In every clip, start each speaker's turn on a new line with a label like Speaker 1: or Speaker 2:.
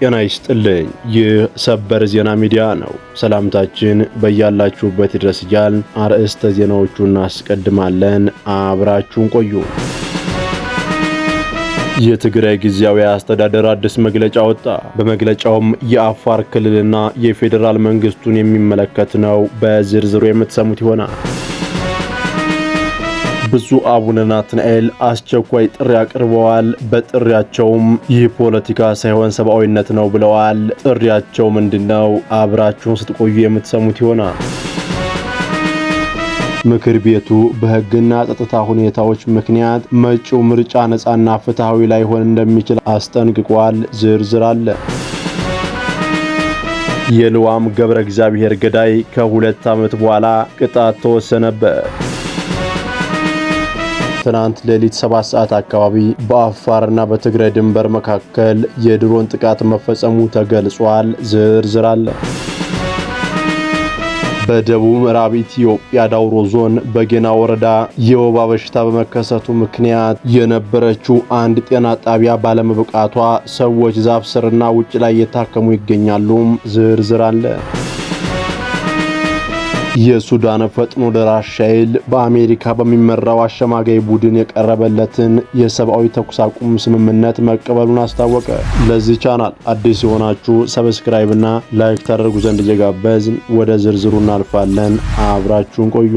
Speaker 1: ጤና ይስጥልኝ። ይህ ሰበር ዜና ሚዲያ ነው። ሰላምታችን በያላችሁበት ይድረስ እያል አርዕስተ ዜናዎቹን እናስቀድማለን። አብራችሁን ቆዩ። የትግራይ ጊዜያዊ አስተዳደር አዲስ መግለጫ ወጣ። በመግለጫውም የአፋር ክልልና የፌዴራል መንግስቱን የሚመለከት ነው። በዝርዝሩ የምትሰሙት ይሆናል። ብፁዕ አቡነ ናትናኤል አስቸኳይ ጥሪ አቅርበዋል። በጥሪያቸውም ይህ ፖለቲካ ሳይሆን ሰብአዊነት ነው ብለዋል። ጥሪያቸው ምንድነው? አብራችሁን ስትቆዩ የምትሰሙት ይሆናል። ምክር ቤቱ በሕግና ጸጥታ ሁኔታዎች ምክንያት መጪው ምርጫ ነፃና ፍትሐዊ ላይሆን እንደሚችል አስጠንቅቋል። ዝርዝር አለ። የልዋም ገብረ እግዚአብሔር ገዳይ ከሁለት ዓመት በኋላ ቅጣት ተወሰነበት። ትናንት ሌሊት 7 ሰዓት አካባቢ በአፋርና በትግራይ ድንበር መካከል የድሮን ጥቃት መፈጸሙ ተገልጿል። ዝርዝር አለ። በደቡብ ምዕራብ ኢትዮጵያ ዳውሮ ዞን በጌና ወረዳ የወባ በሽታ በመከሰቱ ምክንያት የነበረችው አንድ ጤና ጣቢያ ባለመብቃቷ ሰዎች ዛፍ ስርና ውጭ ላይ እየታከሙ ይገኛሉ። ዝርዝር አለ። የሱዳን ፈጥኖ ደራሽ ኃይል በአሜሪካ በሚመራው አሸማጋይ ቡድን የቀረበለትን የሰብአዊ ተኩስ አቁም ስምምነት መቀበሉን አስታወቀ። ለዚህ ቻናል አዲስ የሆናችሁ ሰብስክራይብ እና ላይክ ታደርጉ ዘንድ እየጋበዝን ወደ ዝርዝሩ እናልፋለን። አብራችሁን ቆዩ።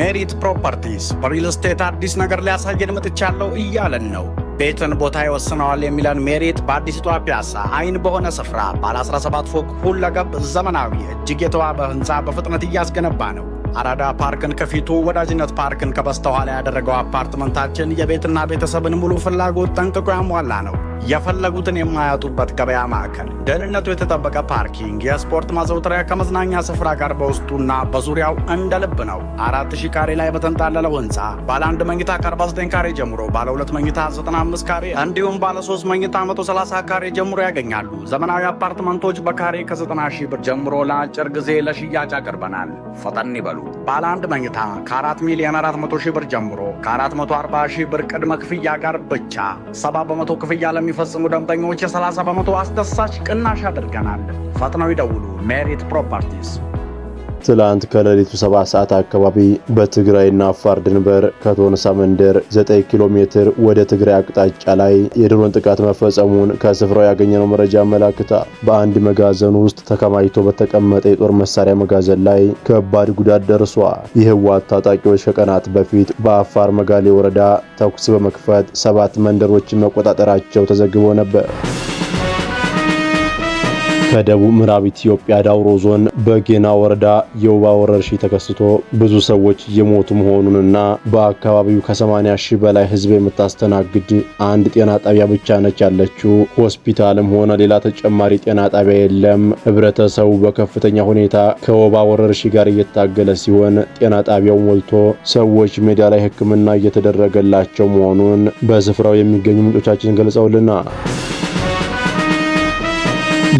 Speaker 2: ሜሪት ፕሮፐርቲስ በሪል ስቴት አዲስ ነገር ሊያሳየን መጥቻለሁ እያለን ነው ቤትን ቦታ ይወስነዋል የሚለን ሜሪት በአዲስቷ ፒያሳ አይን በሆነ ስፍራ ባለ 17 ፎቅ ሁለገብ ዘመናዊ እጅግ የተዋበ ህንፃ በፍጥነት እያስገነባ ነው። አራዳ ፓርክን ከፊቱ ወዳጅነት ፓርክን ከበስተኋላ ያደረገው አፓርትመንታችን የቤትና ቤተሰብን ሙሉ ፍላጎት ጠንቅቆ ያሟላ ነው። የፈለጉትን የማያጡበት ገበያ ማዕከል፣ ደህንነቱ የተጠበቀ ፓርኪንግ፣ የስፖርት ማዘውተሪያ ከመዝናኛ ስፍራ ጋር በውስጡና በዙሪያው እንደ ልብ ነው። አራት ሺህ ካሬ ላይ በተንጣለለው ህንፃ ባለ አንድ መኝታ ከ49 ካሬ ጀምሮ ባለ ሁለት መኝታ 95 ካሬ እንዲሁም ባለ ሶስት መኝታ 130 ካሬ ጀምሮ ያገኛሉ። ዘመናዊ አፓርትመንቶች በካሬ ከ90 ሺህ ብር ጀምሮ ለአጭር ጊዜ ለሽያጭ አቅርበናል። ፈጠን ይበሉ። ባለ አንድ መኝታ ከ4 ሚሊዮን 400 ሺህ ብር ጀምሮ ከ440 ሺህ ብር ቅድመ ክፍያ ጋር ብቻ 70 በመቶ ክፍያ ለሚ ለሚፈጽሙ ደንበኞች የ30 በመቶ አስደሳች ቅናሽ አድርገናል። ፈጥነው ይደውሉ። ሜሪት ፕሮፐርቲስ
Speaker 1: ትላንት ከሌሊቱ 7 ሰዓት አካባቢ በትግራይና አፋር ድንበር ከቶንሳ መንደር 9 ኪሎ ሜትር ወደ ትግራይ አቅጣጫ ላይ የድሮን ጥቃት መፈጸሙን ከስፍራው ያገኘነው መረጃ አመላክታ። በአንድ መጋዘን ውስጥ ተከማችቶ በተቀመጠ የጦር መሳሪያ መጋዘን ላይ ከባድ ጉዳት ደርሷል። የህወሓት ታጣቂዎች ከቀናት በፊት በአፋር መጋሌ ወረዳ ተኩስ በመክፈት ሰባት መንደሮችን መቆጣጠራቸው ተዘግቦ ነበር። በደቡብ ምዕራብ ኢትዮጵያ ዳውሮ ዞን በጌና ወረዳ የወባ ወረርሽኝ ተከስቶ ብዙ ሰዎች እየሞቱ መሆኑንና በአካባቢው ከ80 ሺህ በላይ ሕዝብ የምታስተናግድ አንድ ጤና ጣቢያ ብቻ ነች ያለችው። ሆስፒታልም ሆነ ሌላ ተጨማሪ ጤና ጣቢያ የለም። ህብረተሰቡ በከፍተኛ ሁኔታ ከወባ ወረርሽኝ ጋር እየታገለ ሲሆን፣ ጤና ጣቢያው ሞልቶ ሰዎች ሜዳ ላይ ሕክምና እየተደረገላቸው መሆኑን በስፍራው የሚገኙ ምንጮቻችን ገልጸውልናል።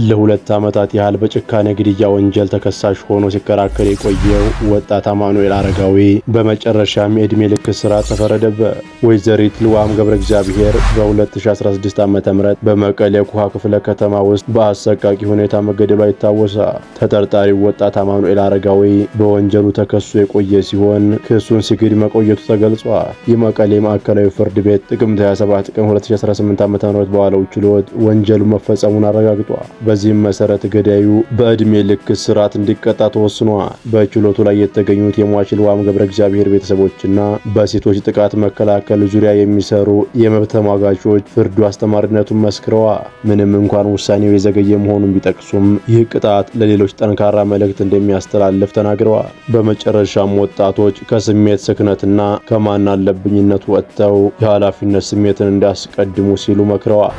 Speaker 1: ለሁለት ዓመታት ያህል በጭካኔ ግድያ ወንጀል ተከሳሽ ሆኖ ሲከራከር የቆየው ወጣት አማኑኤል አረጋዊ በመጨረሻም የዕድሜ ልክ እስራት ተፈረደበት። ወይዘሪት ልዋም ገብረ እግዚአብሔር በ2016 ዓ ም በመቀሌ ኩሃ ክፍለ ከተማ ውስጥ በአሰቃቂ ሁኔታ መገደሏ ይታወሳል። ተጠርጣሪው ወጣት አማኑኤል አረጋዊ በወንጀሉ ተከሶ የቆየ ሲሆን ክሱን ሲግድ መቆየቱ ተገልጿል። የመቀሌ ማዕከላዊ ፍርድ ቤት ጥቅምት 27 ቀን 2018 ዓ ም በዋለው ችሎት ወንጀሉ መፈጸሙን አረጋግጧል። በዚህም መሰረት ገዳዩ በዕድሜ ልክ እስራት እንዲቀጣ ተወስኗል። በችሎቱ ላይ የተገኙት የሟች ልዋም ገብረ እግዚአብሔር ቤተሰቦችና በሴቶች ጥቃት መከላከል ዙሪያ የሚሰሩ የመብት ተሟጋቾች ፍርዱ አስተማሪነቱን መስክረዋል። ምንም እንኳን ውሳኔው የዘገየ መሆኑን ቢጠቅሱም ይህ ቅጣት ለሌሎች ጠንካራ መልእክት እንደሚያስተላልፍ ተናግረዋል። በመጨረሻም ወጣቶች ከስሜት ስክነትና ከማናለብኝነት ወጥተው የኃላፊነት ስሜትን እንዳያስቀድሙ ሲሉ መክረዋል።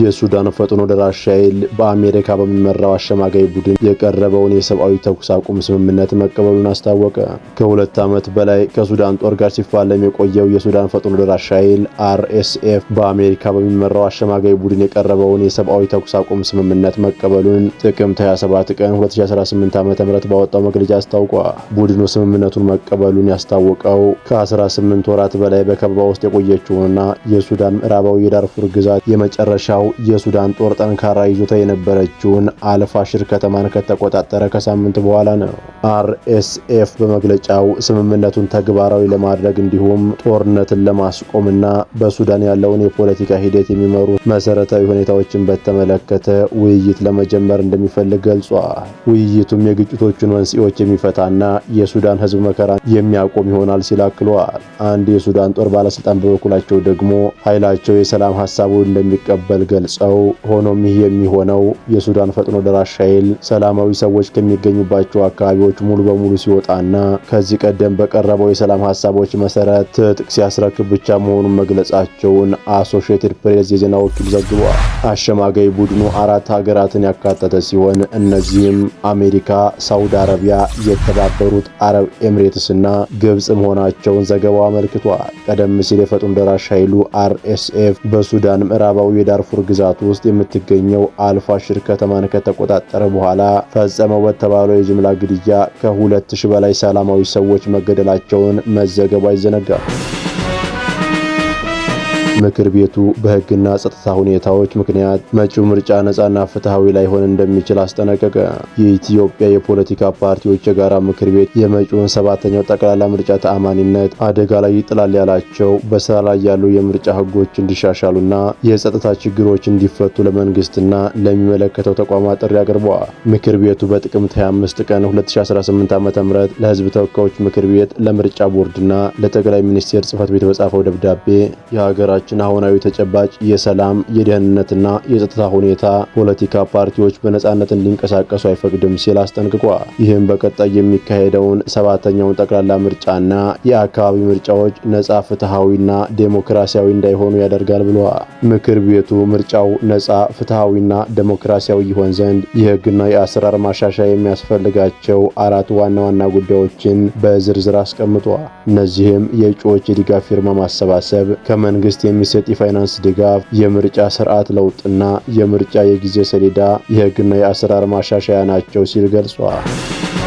Speaker 1: የሱዳን ፈጥኖ ደራሽ ኃይል በአሜሪካ በሚመራው አሸማጋይ ቡድን የቀረበውን የሰብአዊ ተኩስ አቁም ስምምነት መቀበሉን አስታወቀ። ከሁለት ዓመት በላይ ከሱዳን ጦር ጋር ሲፋለም የቆየው የሱዳን ፈጥኖ ደራሽ ኃይል አርኤስኤፍ በአሜሪካ በሚመራው አሸማጋይ ቡድን የቀረበውን የሰብአዊ ተኩስ አቁም ስምምነት መቀበሉን ጥቅምት 27 ቀን 2018 ዓ.ም ባወጣው መግለጫ አስታውቋል። ቡድኑ ስምምነቱን መቀበሉን ያስታወቀው ከ18 ወራት በላይ በከበባ ውስጥ የቆየችውንና የሱዳን ምዕራባዊ የዳርፉር ግዛት የመጨረሻ ሌላው የሱዳን ጦር ጠንካራ ይዞታ የነበረችውን አልፋሽር ከተማን ከተቆጣጠረ ከሳምንት በኋላ ነው። አርኤስኤፍ በመግለጫው ስምምነቱን ተግባራዊ ለማድረግ እንዲሁም ጦርነትን ለማስቆምና በሱዳን ያለውን የፖለቲካ ሂደት የሚመሩ መሰረታዊ ሁኔታዎችን በተመለከተ ውይይት ለመጀመር እንደሚፈልግ ገልጿል። ውይይቱም የግጭቶቹን መንስኤዎች የሚፈታና የሱዳን ሕዝብ መከራ የሚያቆም ይሆናል ሲል አክሏል። አንድ የሱዳን ጦር ባለስልጣን በበኩላቸው ደግሞ ኃይላቸው የሰላም ሀሳቡን እንደሚቀበል ገልጸው ሆኖም ይህ የሚሆነው የሱዳን ፈጥኖ ደራሽ ኃይል ሰላማዊ ሰዎች ከሚገኙባቸው አካባቢዎች ኃይሎች ሙሉ በሙሉ ሲወጣና ከዚህ ቀደም በቀረበው የሰላም ሀሳቦች መሰረት ትጥቅ ሲያስረክብ ብቻ መሆኑን መግለጻቸውን አሶሺየትድ ፕሬስ የዜና ወኪል ዘግቧል። አሸማጋይ ቡድኑ አራት ሀገራትን ያካተተ ሲሆን እነዚህም አሜሪካ፣ ሳውዲ አረቢያ፣ የተባበሩት አረብ ኤምሬትስና ግብጽ መሆናቸውን ዘገባው አመልክቷል። ቀደም ሲል የፈጥኖ ደራሽ ኃይሉ አርኤስኤፍ በሱዳን ምዕራባዊ የዳርፉር ግዛት ውስጥ የምትገኘው አልፋሽር ከተማን ከተቆጣጠረ በኋላ ፈጸመው በተባለው የጅምላ ግድያ ከሁለት 2000 በላይ ሰላማዊ ሰዎች መገደላቸውን መዘገቡ አይዘነጋም። ምክር ቤቱ በህግና ጸጥታ ሁኔታዎች ምክንያት መጪው ምርጫ ነጻና ፍትሐዊ ላይሆን እንደሚችል አስጠነቀቀ። የኢትዮጵያ የፖለቲካ ፓርቲዎች የጋራ ምክር ቤት የመጪውን ሰባተኛው ጠቅላላ ምርጫ ተአማኒነት አደጋ ላይ ይጥላል ያላቸው በስራ ላይ ያሉ የምርጫ ህጎች እንዲሻሻሉና የጸጥታ ችግሮች እንዲፈቱ ለመንግስትና ለሚመለከተው ተቋማት ጥሪ አቅርበዋል። ምክር ቤቱ በጥቅምት 25 ቀን 2018 ዓ.ም ለህዝብ ተወካዮች ምክር ቤት ለምርጫ ቦርድና ለጠቅላይ ሚኒስቴር ጽህፈት ቤት በጻፈው ደብዳቤ የሀገራቸው የሀገራችን አሁናዊ ተጨባጭ የሰላም የደህንነትና የጸጥታ ሁኔታ ፖለቲካ ፓርቲዎች በነጻነት እንዲንቀሳቀሱ አይፈቅድም ሲል አስጠንቅቋል። ይህም በቀጣይ የሚካሄደውን ሰባተኛውን ጠቅላላ ምርጫና የአካባቢ ምርጫዎች ነጻ ፍትሐዊና ዴሞክራሲያዊ እንዳይሆኑ ያደርጋል ብለዋል። ምክር ቤቱ ምርጫው ነጻ ፍትሐዊና ዴሞክራሲያዊ ይሆን ዘንድ የህግና የአሰራር ማሻሻያ የሚያስፈልጋቸው አራት ዋና ዋና ጉዳዮችን በዝርዝር አስቀምጧል። እነዚህም የእጩዎች የድጋፍ ፊርማ ማሰባሰብ ከመንግስት የሚሰጥ የፋይናንስ ድጋፍ፣ የምርጫ ስርዓት ለውጥና የምርጫ የጊዜ ሰሌዳ፣ የህግና የአሰራር ማሻሻያ ናቸው ሲል ገልጿል።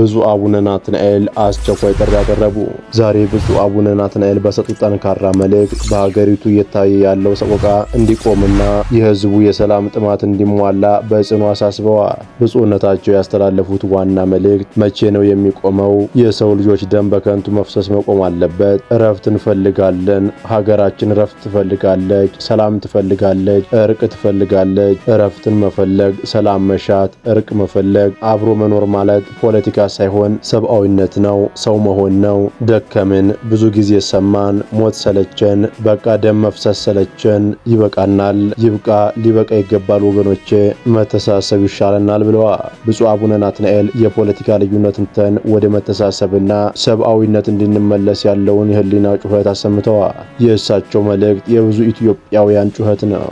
Speaker 1: ብፁዕ አቡነ ናትናኤል አስቸኳይ ጥሪ ያቀረቡ። ዛሬ ብፁዕ አቡነ ናትናኤል በሰጡት ጠንካራ መልእክት በሀገሪቱ እየታየ ያለው ሰቆቃ እንዲቆምና የህዝቡ የሰላም ጥማት እንዲሟላ በጽኑ አሳስበዋል። ብፁዕነታቸው ያስተላለፉት ዋና መልእክት መቼ ነው የሚቆመው? የሰው ልጆች ደም በከንቱ መፍሰስ መቆም አለበት። እረፍት እንፈልጋለን። ሀገራችን እረፍት ትፈልጋለች፣ ሰላም ትፈልጋለች፣ እርቅ ትፈልጋለች። እረፍትን መፈለግ፣ ሰላም መሻት፣ እርቅ መፈለግ፣ አብሮ መኖር ማለት ፖለቲካ ሳይሆን ሰብአዊነት ነው፣ ሰው መሆን ነው። ደከምን፣ ብዙ ጊዜ ሰማን፣ ሞት ሰለቸን፣ በቃ ደም መፍሰስ ሰለቸን፣ ይበቃናል፣ ይብቃ፣ ሊበቃ ይገባል ወገኖቼ፣ መተሳሰብ ይሻለናል ብለዋል ብፁዕ አቡነ ናትናኤል። የፖለቲካ ልዩነትን ትተን ወደ መተሳሰብና ሰብአዊነት እንድንመለስ ያለውን የህሊና ጩኸት አሰምተዋል። የእሳቸው መልእክት የብዙ ኢትዮጵያውያን ጩኸት ነው።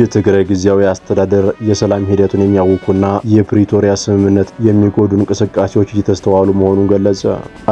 Speaker 1: የትግራይ ጊዜያዊ አስተዳደር የሰላም ሂደቱን የሚያውኩና የፕሪቶሪያ ስምምነት የሚጎዱ እንቅስቃሴዎች እየተስተዋሉ መሆኑን ገለጸ።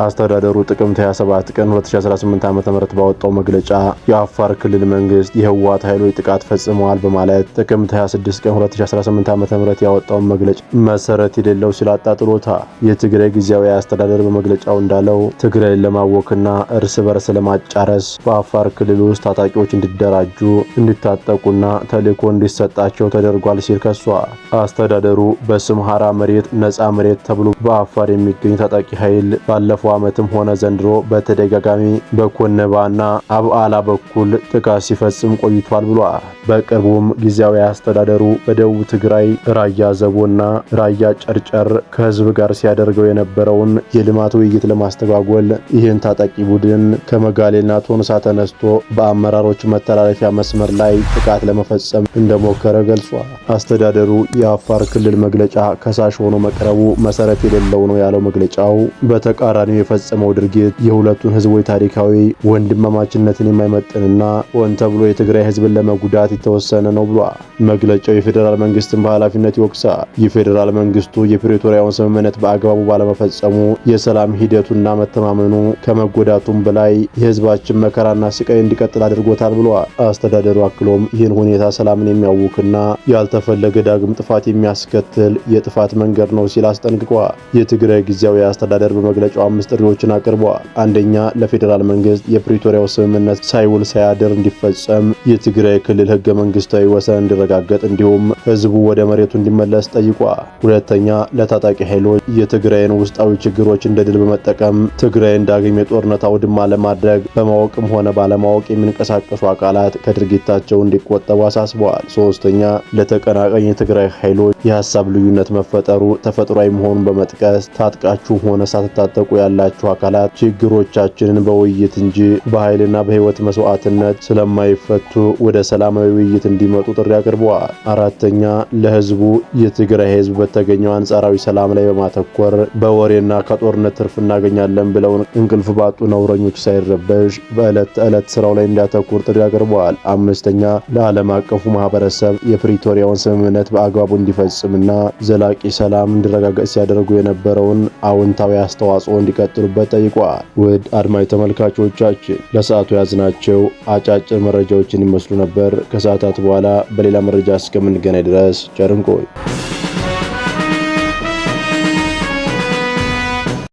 Speaker 1: አስተዳደሩ ጥቅምት 27 ቀን 2018 ዓ ም ባወጣው መግለጫ የአፋር ክልል መንግስት የህወሓት ኃይሎች ጥቃት ፈጽመዋል በማለት ጥቅምት 26 ቀን 2018 ዓ ም ያወጣውን መግለጫ መሰረት የሌለው ሲል አጣጥሎታ። የትግራይ ጊዜያዊ አስተዳደር በመግለጫው እንዳለው ትግራይን ለማወክና እርስ በርስ ለማጫረስ በአፋር ክልል ውስጥ ታጣቂዎች እንዲደራጁ እንዲታጠቁና ተለ ተልእኮ እንዲሰጣቸው ተደርጓል ሲል ከሷል። አስተዳደሩ በስምሃራ መሬት ነጻ መሬት ተብሎ በአፋር የሚገኝ ታጣቂ ኃይል ባለፈው ዓመትም ሆነ ዘንድሮ በተደጋጋሚ በኮነባና አብአላ በኩል ጥቃት ሲፈጽም ቆይቷል ብሏል። በቅርቡም ጊዜያዊ አስተዳደሩ በደቡብ ትግራይ ራያ ዘቦና ራያ ጨርጨር ከህዝብ ጋር ሲያደርገው የነበረውን የልማት ውይይት ለማስተጓጎል ይህን ታጣቂ ቡድን ከመጋሌና ቶንሳ ተነስቶ በአመራሮች መተላለፊያ መስመር ላይ ጥቃት ለመፈጸም ለመፈጸም እንደሞከረ ገልጿል። አስተዳደሩ የአፋር ክልል መግለጫ ከሳሽ ሆኖ መቅረቡ መሰረት የሌለው ነው ያለው መግለጫው በተቃራኒው የፈጸመው ድርጊት የሁለቱን ህዝቦች ታሪካዊ ወንድማማችነትን የማይመጥንና ሆን ተብሎ የትግራይ ህዝብን ለመጉዳት የተወሰነ ነው ብሏል። መግለጫው የፌዴራል መንግስትን በኃላፊነት ይወቅሳል። የፌዴራል መንግስቱ የፕሪቶሪያውን ስምምነት በአግባቡ ባለመፈጸሙ የሰላም ሂደቱና መተማመኑ ከመጎዳቱም በላይ የህዝባችን መከራና ስቃይ እንዲቀጥል አድርጎታል ብሏል። አስተዳደሩ አክሎም ይህን ሁኔታ ሰላም ሰላምን የሚያውክና ያልተፈለገ ዳግም ጥፋት የሚያስከትል የጥፋት መንገድ ነው ሲል አስጠንቅቋል። የትግራይ ጊዜያዊ አስተዳደር በመግለጫው አምስት ጥሪዎችን አቅርቧል። አንደኛ፣ ለፌዴራል መንግስት የፕሪቶሪያው ስምምነት ሳይውል ሳያድር እንዲፈጸም፣ የትግራይ ክልል ህገ መንግስታዊ ወሰን እንዲረጋገጥ እንዲሁም ህዝቡ ወደ መሬቱ እንዲመለስ ጠይቋል። ሁለተኛ፣ ለታጣቂ ኃይሎች የትግራይን ውስጣዊ ችግሮች እንደ ድል በመጠቀም ትግራይን ዳግም የጦርነት አውድማ ለማድረግ በማወቅም ሆነ ባለማወቅ የሚንቀሳቀሱ አካላት ከድርጊታቸው እንዲቆጠቡ አሳስቧል። አሳስበዋል። ሶስተኛ ለተቀናቃኝ የትግራይ ኃይሎች የሀሳብ ልዩነት መፈጠሩ ተፈጥሯዊ መሆኑን በመጥቀስ ታጥቃችሁም ሆነ ሳትታጠቁ ያላችሁ አካላት ችግሮቻችንን በውይይት እንጂ በኃይልና በህይወት መስዋዕትነት ስለማይፈቱ ወደ ሰላማዊ ውይይት እንዲመጡ ጥሪ አቅርበዋል። አራተኛ ለህዝቡ የትግራይ ህዝብ በተገኘው አንጻራዊ ሰላም ላይ በማተኮር በወሬና ከጦርነት ትርፍ እናገኛለን ብለውን እንቅልፍ ባጡ ነውረኞች ሳይረበሽ በዕለት ተዕለት ስራው ላይ እንዲያተኩር ጥሪ አቅርበዋል። አምስተኛ ለዓለም አቀፉ አቀፉ ማህበረሰብ የፕሪቶሪያውን ስምምነት በአግባቡ እንዲፈጽምና ዘላቂ ሰላም እንዲረጋገጥ ሲያደርጉ የነበረውን አዎንታዊ አስተዋጽኦ እንዲቀጥሉበት ጠይቋል። ውድ አድማጭ ተመልካቾቻችን ለሰዓቱ ያዝናቸው አጫጭር መረጃዎችን ይመስሉ ነበር። ከሰዓታት በኋላ በሌላ መረጃ እስከምንገናኝ ድረስ ጨርንቆይ።